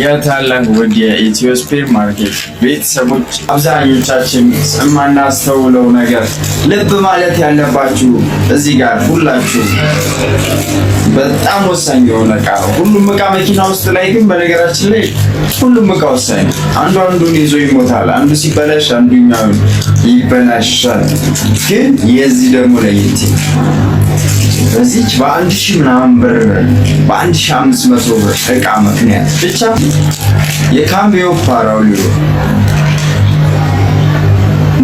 የታላቅ ውድ የኢትዮ ስፔር ማርኬት ቤተሰቦች አብዛኞቻችን የማናስተውለው ነገር ልብ ማለት ያለባችሁ እዚህ ጋር ሁላችሁ በጣም ወሳኝ የሆነ እቃ ነው። ሁሉም እቃ መኪና ውስጥ ላይ ግን በነገራችን ላይ ሁሉም እቃ ወሳኝ ነው። አንዱ አንዱን ይዞ ይሞታል። አንዱ ሲበላሽ አንዱኛው ይበላሻል። ግን የዚህ ደግሞ ለየት በዚች በአንድ ሺ ምናምን ብር በአንድ ሺ አምስት መቶ ብር እቃ ምክንያት ብቻ የካምቢዮ ፓራውሊዮ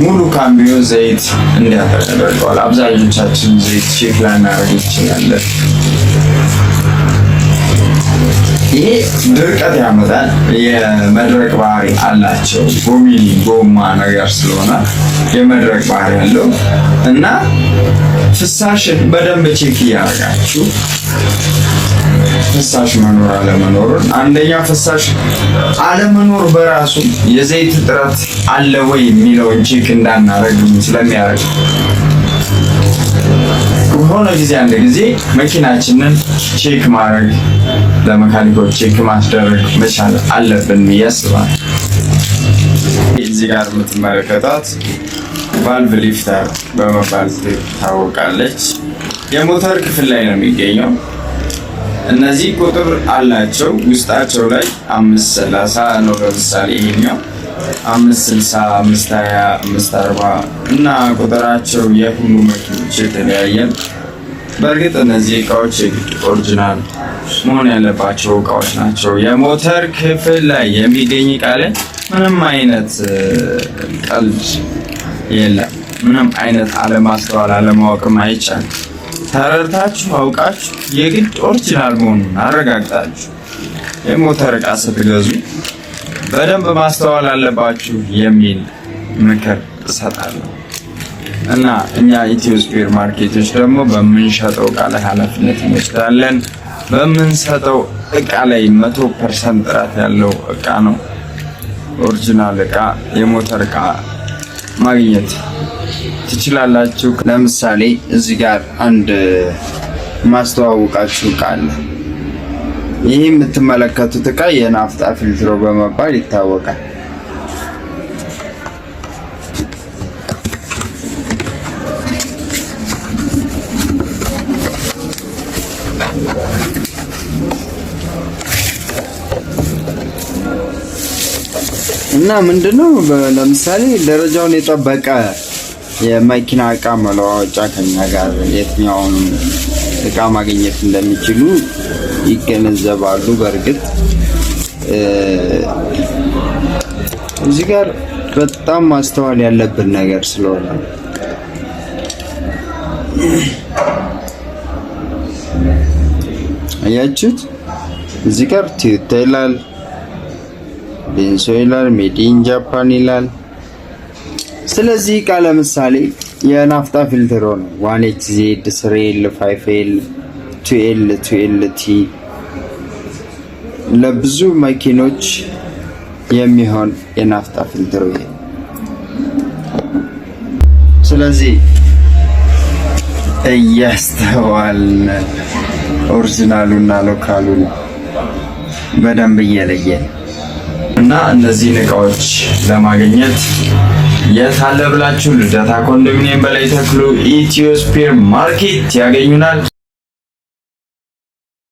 ሙሉ ካምቢዮ ዘይት እንዲያጠር ተደርገዋል። አብዛኞቻችን ዘይት ሼክ ላናረግ ይችላለን። ይሄ ድርቀት ያመጣል። የመድረቅ ባህሪ አላቸው። ጎሚኒ ጎማ ነገር ስለሆነ የመድረቅ ባህሪ አለው። እና ፍሳሽን በደንብ ቼክ እያደረጋችሁ ፍሳሽ መኖር አለመኖሩን፣ አንደኛ ፍሳሽ አለመኖር በራሱ የዘይት እጥረት አለ ወይ የሚለውን ቼክ እንዳናረግ ስለሚያደርግ በሆነ ጊዜ አንድ ጊዜ መኪናችንን ቼክ ማድረግ ለመካኒኮች ቼክ ማስደረግ መቻል አለብን ብዬ አስባለሁ። እዚህ ጋር የምትመለከታት ቫልቭ ሊፍተር በመባል ታወቃለች። የሞተር ክፍል ላይ ነው የሚገኘው። እነዚህ ቁጥር አላቸው ውስጣቸው ላይ አምስት ሰላሳ ነው። ለምሳሌ ይሄኛው አምስት ስልሳ አምስት ሀያ አምስት አርባ እና ቁጥራቸው የሁሉ መኪኖች የተለያየ። በእርግጥ እነዚህ እቃዎች የግድ ኦሪጂናል መሆን ያለባቸው እቃዎች ናቸው። የሞተር ክፍል ላይ የሚገኝ እቃ ላይ ምንም አይነት ቀልድ የለም። ምንም አይነት አለማስተዋል አለማወቅም አይቻልም። ተረድታችሁ አውቃችሁ የግድ ኦሪጂናል መሆኑን አረጋግጣችሁ የሞተር እቃ ስትገዙ በደንብ ማስተዋል አለባችሁ የሚል ምክር እሰጣለሁ። እና እኛ ኢትዮ ስፔር ማርኬቶች ደግሞ በምንሸጠው እቃ ላይ ኃላፊነት እንወስዳለን። በምንሰጠው እቃ ላይ መቶ ፐርሰንት ጥራት ያለው እቃ ነው ኦሪጂናል እቃ የሞተር እቃ ማግኘት ትችላላችሁ። ለምሳሌ እዚህ ጋር አንድ ማስተዋወቃችሁ እቃ አለ። ይህ የምትመለከቱት እቃ የናፍጣ ፊልትሮ በመባል ይታወቃል። እና ምንድነው ለምሳሌ ደረጃውን የጠበቀ የመኪና እቃ መለዋወጫ ከኛ ጋር የትኛውን እቃ ማግኘት እንደሚችሉ ይገነዘባሉ። በእርግጥ እዚህ ጋር በጣም ማስተዋል ያለብን ነገር ስለሆነ አያችሁት። እዚህ ጋር ቲዩታ ይላል፣ ቤንሶ ይላል፣ ሜድ ኢን ጃፓን ይላል። ስለዚህ ቃለ ለምሳሌ የናፍጣ ፊልተር ነው። ዋን ኤች ዜድ ስሪ ኤል ፋይፍ ኤል ቱ ኤል ቱ ኤል ቲ ለብዙ መኪኖች የሚሆን የናፍጣ ፊልትሮ ይሄ። ስለዚህ ኦሪጂናሉ ኦሪጂናሉና ሎካሉ በደንብ እየለየ እና እነዚህን እቃዎች ለማግኘት የሳለ ብላችሁ ልደታ ኮንዶሚኒየም በላይ ተክሉ ስፔር ማርኬት ያገኙናል።